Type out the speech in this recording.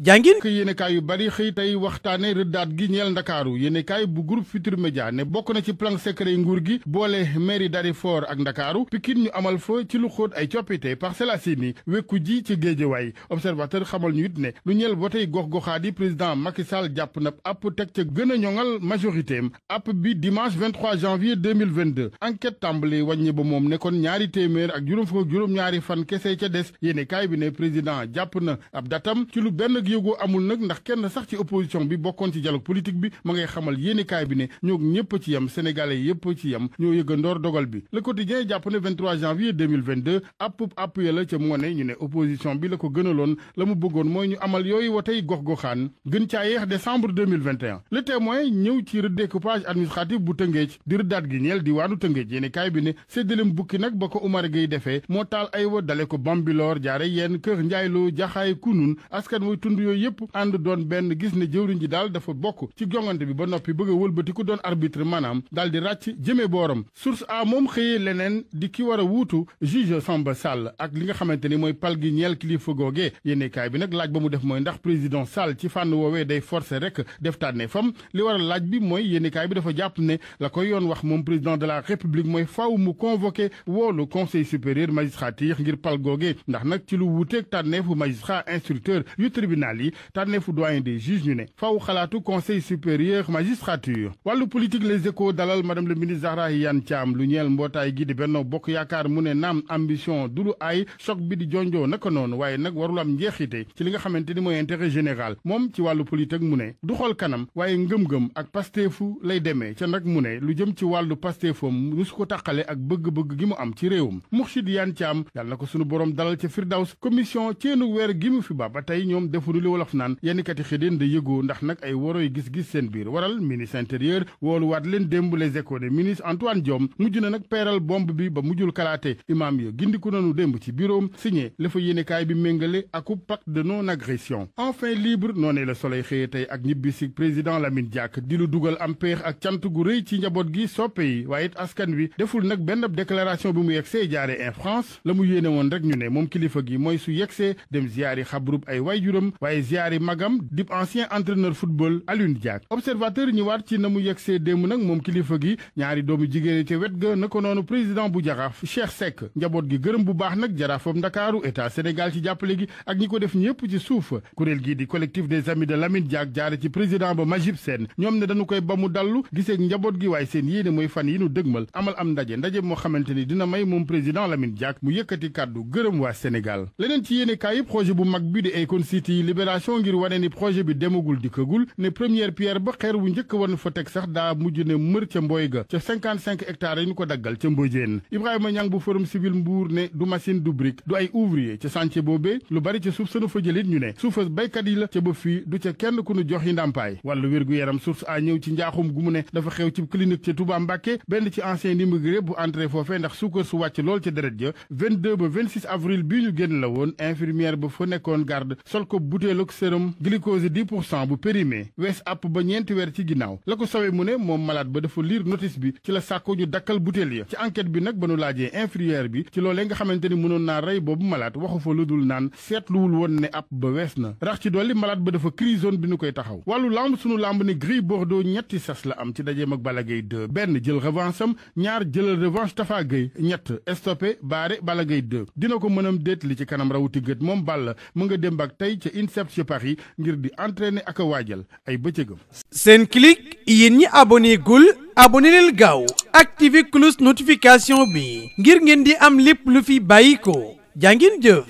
jàngin yéenekaay yu bari xëy tey waxtaane rëddaat gi ñeel ndakaaru yéenekaay bu groupe Futurs Médias ne bokk na ci plan secret nguur gi boole mairie Dalifort ak ndakaaru Pikine ñu amal fa ci lu xóot ay coppite Parcelles Assainies wekku ji ci Géejawaay observateur xamal ñu it ne lu ñeel wotey gox-goxaat yi président Macky Sall jàpp na app teg ca gën a ñoŋal majorité am app bi dimanche 23 janvier 2022 enquête tàmbali wàññi ba moom ne ñaari téeméer ak juróom fukk ak ñaari fan kese ca des yéenekaay bi ne président jàpp na ab datam lu benn yëg-yëgoo bi bokkoon ci dialogue politique bi ma ngay xamal yéenekaay bi ne ñoo ñëpp ci yem sénégalais yëpp ci yem ñoo ko gënaloon ñëw ci redécoupage administratif bu tëngeej di rëddaat gi ñeel di waanu tëngeej yéenekaay bi ne séddalem bukki nag ba ko Umar Gueye defee moo taal ay wa dale ko Bambilor jaare yenn kër njaayloo jaxaay kunun askan way tund ànd yooyu yëpp ànd benn gis ne jëwriñ ji daal dafa bokk ci bi ba noppi bëgg a wëlbatiku doon arbitre maanaam daal di ràcc jëmee booram source a moom xëyee leneen di ki war a wuutu juge Samba Sall ak li nga xamante ni mooy pal gi ñeel kilifa googee yéenekaay bi nag laaj ba mu def mooy ndax président Sall ci fànn woowee day forcer rek def tànne fam li war a laaj bi mooy yéenekaay bi dafa jàpp ne la koy yoon wax moom président de la république mooy faaw mu convoqué woolu conseil supérieur magistrature ngir pal googee ndax nag ci lu wuuteeg tànneefu magistrat instructeur yu tribunal tribunal yi tànneefu doyen des juges ñu ne faw xalaatu conseil supérieur magistrature wàllu politique les échos dalal madame le ministre Zahra Iyane Thiam lu ñeel mbootaay gi di Benno Bokk Yaakaar mu ne naam ambition du lu ay choc bi di jonjoo naka noonu waaye nag warul njeexite ci li nga xamante ni mooy intérêt général moom ci wàllu politique mu ne du xool kanam waaye ngëm-ngëm ak pasteefu lay demee ca nag mu ne lu jëm ci wàllu pasteefam lu su ko tàqale ak bëgg-bëgg gi mu am ci réewum Mourchid Yane Thiam yàlla na ko sunu borom dalal ca loolu li wolof naan yennkati xidin da yëgoo ndax nag ay warooy gis-gis seen biir waral ministre intérieur wooluwaat leen démb les échos ne ministre Antoine Diome mujj na nag peeral bomb bi ba mujjul kalaate imaam ya gindiku nanu démb ci biroom signé la fa yéenekaay bi méngale aku pacte de non agression enfin libre noo ne la soleil xëye tey ak ñibbisi président Lamine Diack di lu dugal am peex ak cant gu rëy ci njaboot gi soppe yi waaye askan wi deful nag benn déclaration bi mu yegsee jaare en France la mu yéene woon rek ñu ne moom kilifa gi mooy su yegsee dem ziyaari xabrub ay waajuram waaye ziyaari magam dib ancien entraîneur football Alioune Diack observateur ñëwaat ci na mu yegsee démb nag moom kilifa gi ñaari doomu jigéen ca wet ga na ko noonu président bu jaraaf Cheikh Seck njaboot gi gërëm bu baax nag jaraafam Ndakaaru état Sénégal ci jàppale gi ak ñi ko def ñëpp ci suuf kuréel gii di collectif des amis de Lamine Diack jaare ci président ba Majib Sène ñoom ne dañu koy ba mu dallu giseeg njaboot gi waaye seen yéene mooy fan yi nu dëgmal amal am ndaje ndaje moo xamante ni dina may moom président Lamine Diack mu yëkkati kàddu gërëm waa Sénégal leneen ci yéene kaay yëpp projet libération ngir wane ni projet bi demagul dikkagul ne première pierre ba xeer wu njëkk wan na fa teg sax daa mujj ne mër ca mboy ga ca 55 hectares yi ñu ko daggal ca mbojeen Ibrahima Niang bu forum civil Mbour ne du machine du brique du ay ouvrier ca chantier boobee lu bari ca suuf sanu fa jëlit ñu ne suufa baykat yi la ca ba fii du ca kenn ku nu jox yi ndàmpaay wàllu wér-gu-yaram source a ñëw ci njaaxum gu mu ne dafa xew ci clinique ca Touba Mbàkke benn ci ancien immigré bu entré foofee ndax suukar su wàcc lool ca deret ja 22 ba 26 avril bii ñu génn la woon infirmière ba fa nekkoon garde butéel ak sérum glucose 10 pour cent bu périmé wees àpp ba ñeenti weer ci ginnaaw la ko mu ne moom malade ba dafa liir notice bi ci la sàkko ñu dakkal butéel ya ci enquête bi nag ba nu laajee infirmière bi ci loolee nga xamante ni mënoon naa rey boobu malade waxu fa lu dul naan seetluwul woon ne àpp ba wees na rax ci dolli malade ba dafa crise bi nu koy taxaw wàllu lamb sunu lamb ne Gris Bordeaux ñetti sas la am ci dajeem ak Balla Gaye 2 benn jël revanche am ñaar jëlal revanche Tafa Gueye ñett stoppé baare Balla Gaye 2 dina ko mënam déet li ci kanam rawuti gët moom Balla INSEP ci ngir di entraîner ak ay bëccëgam. seen clic yéen ñi abonné gul abonné leen gaaw activé cloche notification bi ngir ngeen di am lépp lu fi bàyyi ko jaa ngeen jëf.